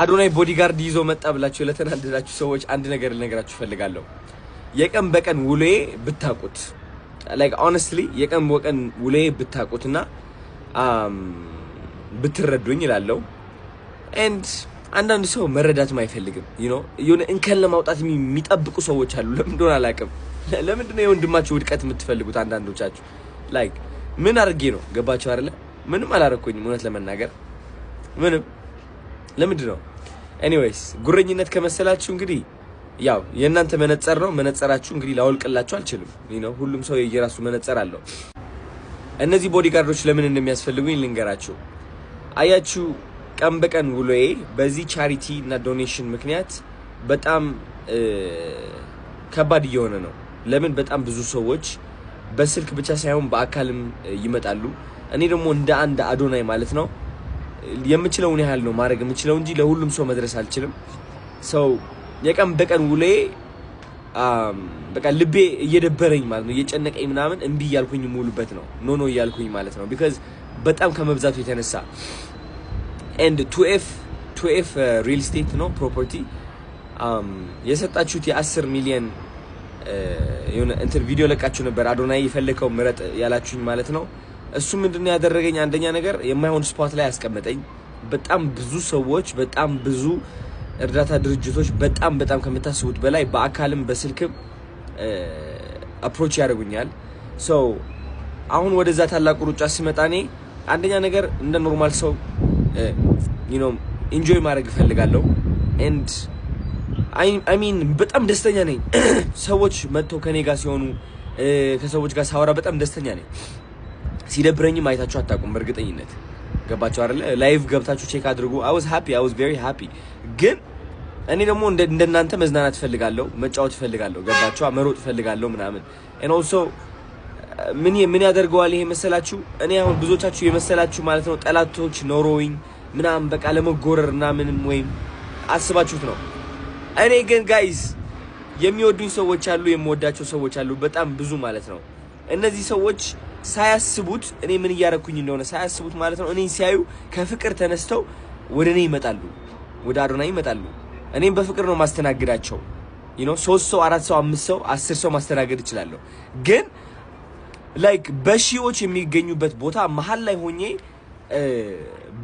አዶናይ ቦዲጋርድ ይዞ መጣ ብላችሁ ለተናደዳችሁ ሰዎች አንድ ነገር ልነግራችሁ እፈልጋለሁ። የቀን በቀን ውሎዬ ብታቁት ላይክ ኦነስትሊ የቀን በቀን ውሎዬ ብታቁትና um, ብትረዱኝ ይላለው። ኤንድ አንዳንድ ሰው መረዳትም አይፈልግም። ዩኖ የሆነ እንከን ለማውጣት የሚጠብቁ ሰዎች አሉ። ለምን እንደሆነ አላውቅም። ለምንድን ነው የወንድማችሁ ውድቀት የምትፈልጉት? አንዳንዶቻችሁ ላይክ ምን አድርጌ ነው ገባችሁ አይደለ? ምንም አላረኩኝም። እውነት ለመናገር ምንም ለምንድን ነው? ኤኒዌይስ ጉረኝነት ከመሰላችሁ እንግዲህ ያው የእናንተ መነጸር ነው። መነጸራችሁ እንግዲህ ላወልቅላችሁ አልችልም ነው። ሁሉም ሰው የየራሱ መነጸር አለው። እነዚህ ቦዲጋርዶች ለምን እንደሚያስፈልጉኝ ልንገራችሁ። አያችሁ፣ ቀን በቀን ውሎዬ በዚህ ቻሪቲ እና ዶኔሽን ምክንያት በጣም ከባድ እየሆነ ነው። ለምን በጣም ብዙ ሰዎች በስልክ ብቻ ሳይሆን በአካልም ይመጣሉ። እኔ ደግሞ እንደ አንድ አዶናይ ማለት ነው የምችለውን ያህል ነው ማድረግ የምችለው እንጂ ለሁሉም ሰው መድረስ አልችልም። ሰው የቀን በቀን ውሌ በቃ ልቤ እየደበረኝ ማለት ነው እየጨነቀኝ ምናምን እምቢ እያልኩኝ ሙሉበት ነው ኖ ኖ እያልኩኝ ማለት ነው። ቢካዝ በጣም ከመብዛቱ የተነሳ ኤንድ ቱኤፍ ቱኤፍ ሪል ስቴት ነው ፕሮፐርቲ የሰጣችሁት የአስር ሚሊየን uh, የሆነ እንትን ቪዲዮ ለቃችሁ ነበር አዶናይ የፈለከው ምረጥ ያላችሁኝ ማለት ነው እሱ ምንድን ነው ያደረገኝ? አንደኛ ነገር የማይሆን ስፖት ላይ ያስቀመጠኝ። በጣም ብዙ ሰዎች፣ በጣም ብዙ እርዳታ ድርጅቶች በጣም በጣም ከምታስቡት በላይ በአካልም በስልክም አፕሮች ያደርጉኛል። ሰው አሁን ወደዛ ታላቁ ሩጫ ሲመጣ እኔ አንደኛ ነገር እንደ ኖርማል ሰው ዩኖ ኢንጆይ ማድረግ እፈልጋለሁ። ኤንድ አይ ሚን በጣም ደስተኛ ነኝ። ሰዎች መጥተው ከኔ ጋር ሲሆኑ ከሰዎች ጋር ሳወራ በጣም ደስተኛ ነኝ። ሲደብረኝም አይታችሁ አታውቁም። በርግጠኝነት ገባችሁ አይደለ? ላይቭ ገብታችሁ ቼክ አድርጉ። አይ ዋዝ ሃፒ አይ ዋዝ ቬሪ ሃፒ። ግን እኔ ደግሞ እንደናንተ መዝናናት ፈልጋለሁ፣ መጫወት ፈልጋለሁ፣ ገባችሁ? መሮጥ ፈልጋለሁ ምናምን ኤንድ ኦልሶ ምን ምን ያደርገዋል ይሄ መሰላችሁ? እኔ አሁን ብዙዎቻችሁ የመሰላችሁ ማለት ነው ጠላቶች ኖሮኝ ምናምን በቃ ለመጎረር እና ምንም ወይም አስባችሁት ነው። እኔ ግን ጋይዝ የሚወዱኝ ሰዎች አሉ፣ የምወዳቸው ሰዎች አሉ፣ በጣም ብዙ ማለት ነው። እነዚህ ሰዎች ሳያስቡት እኔ ምን እያደረኩኝ እንደሆነ ሳያስቡት ማለት ነው። እኔ ሲያዩ ከፍቅር ተነስተው ወደ እኔ ይመጣሉ፣ ወደ አዶናይ ይመጣሉ። እኔም በፍቅር ነው ማስተናግዳቸው። ዩ ሶስት ሰው፣ አራት ሰው፣ አምስት ሰው፣ አስር ሰው ማስተናገድ እችላለሁ። ግን ላይክ በሺዎች የሚገኙበት ቦታ መሀል ላይ ሆኜ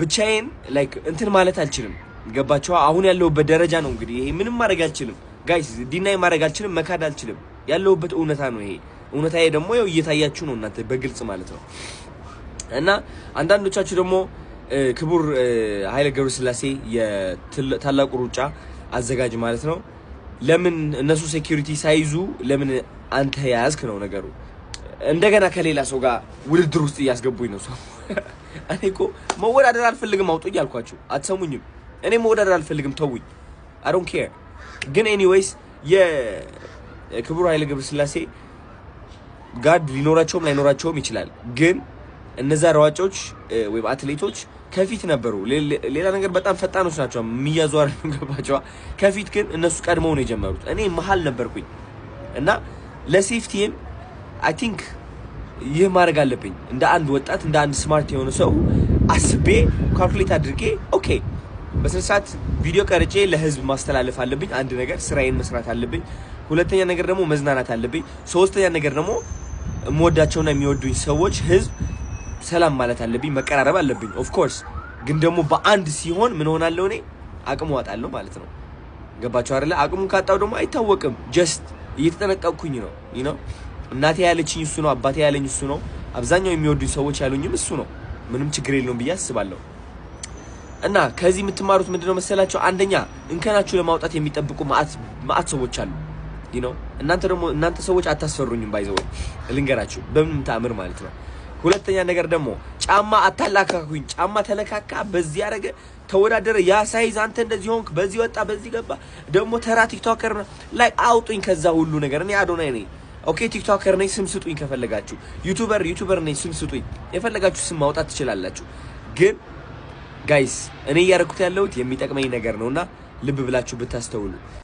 ብቻዬን ላይክ እንትን ማለት አልችልም። ገባችኋ? አሁን ያለሁበት ደረጃ ነው እንግዲህ ይሄ። ምንም ማድረግ አልችልም ጋይስ፣ ዲናይ ማድረግ አልችልም፣ መካድ አልችልም። ያለሁበት እውነታ ነው ይሄ። እውነታዬ ደግሞ ያው እየታያችሁ ነው እናንተ በግልጽ ማለት ነው። እና አንዳንዶቻችሁ ደግሞ ክቡር ኃይለ ገብረስላሴ የታላቁ ሩጫ አዘጋጅ ማለት ነው፣ ለምን እነሱ ሴኩሪቲ ሳይዙ ለምን አንተ ያዝክ ነው ነገሩ። እንደገና ከሌላ ሰው ጋር ውድድር ውስጥ እያስገቡኝ ነው ሰው። እኔ እኮ መወዳደር አልፈልግም፣ አውጡኝ አልኳችሁ፣ አትሰሙኝም። እኔ መወዳደር አልፈልግም፣ ተውኝ፣ አይ ዶንት ኬር። ግን ኤኒዌይስ የክቡር ኃይለ ገብረስላሴ ጋርድ ሊኖራቸውም ላይኖራቸውም ይችላል። ግን እነዛ ሯጮች ወይም አትሌቶች ከፊት ነበሩ። ሌላ ነገር በጣም ፈጣኖች ናቸው የሚያዙ ገባቸዋ። ከፊት ግን እነሱ ቀድመው ነው የጀመሩት። እኔ መሀል ነበርኩኝ እና ለሴፍቲም አይ ቲንክ ይህ ማድረግ አለብኝ እንደ አንድ ወጣት እንደ አንድ ስማርት የሆነ ሰው አስቤ ካልኩሌት አድርጌ ኦኬ በስነ ሰዓት ቪዲዮ ቀርጬ ለህዝብ ማስተላለፍ አለብኝ። አንድ ነገር ስራዬን መስራት አለብኝ። ሁለተኛ ነገር ደግሞ መዝናናት አለብኝ። ሶስተኛ ነገር ደግሞ የምወዳቸውና የሚወዱኝ ሰዎች ህዝብ ሰላም ማለት አለብኝ፣ መቀራረብ አለብኝ። ኦፍኮርስ ግን ደግሞ በአንድ ሲሆን ምን ሆናለሁ እኔ አቅሙ አጣለሁ ማለት ነው። ገባቸው አይደለ? አቅሙ ካጣው ደግሞ አይታወቅም። ጀስት እየተጠነቀቅኩኝ ነው ነው እናቴ ያለችኝ እሱ ነው፣ አባቴ ያለኝ እሱ ነው፣ አብዛኛው የሚወዱኝ ሰዎች ያሉኝም እሱ ነው። ምንም ችግር የለውም ብዬ አስባለሁ። እና ከዚህ የምትማሩት ምንድነው መሰላቸው? አንደኛ እንከናችሁ ለማውጣት የሚጠብቁ ማአት ሰዎች አሉ ነው እናንተ ደግሞ እናንተ ሰዎች አታስፈሩኝም። ባይዘው ልንገራችሁ በምንም ተአምር ማለት ነው። ሁለተኛ ነገር ደግሞ ጫማ አታላካኩኝ። ጫማ ተለካካ፣ በዚህ ያደረገ ተወዳደረ፣ ያ ሳይዝ፣ አንተ እንደዚህ ሆንክ፣ በዚህ ወጣ፣ በዚህ ገባ። ደግሞ ተራ ቲክቶከር ላይ አውጡኝ ከዛ ሁሉ ነገር። እኔ አዶናይ ነኝ። ኦኬ ቲክቶከር ነኝ፣ ስም ስጡኝ። ከፈለጋችሁ ዩቱበር ዩቱበር ነኝ፣ ስም ስጡኝ። የፈለጋችሁ ስም ማውጣት ትችላላችሁ። ግን ጋይስ እኔ እያደረኩት ያለሁት የሚጠቅመኝ ነገር ነውና ልብ ብላችሁ ብታስተውሉ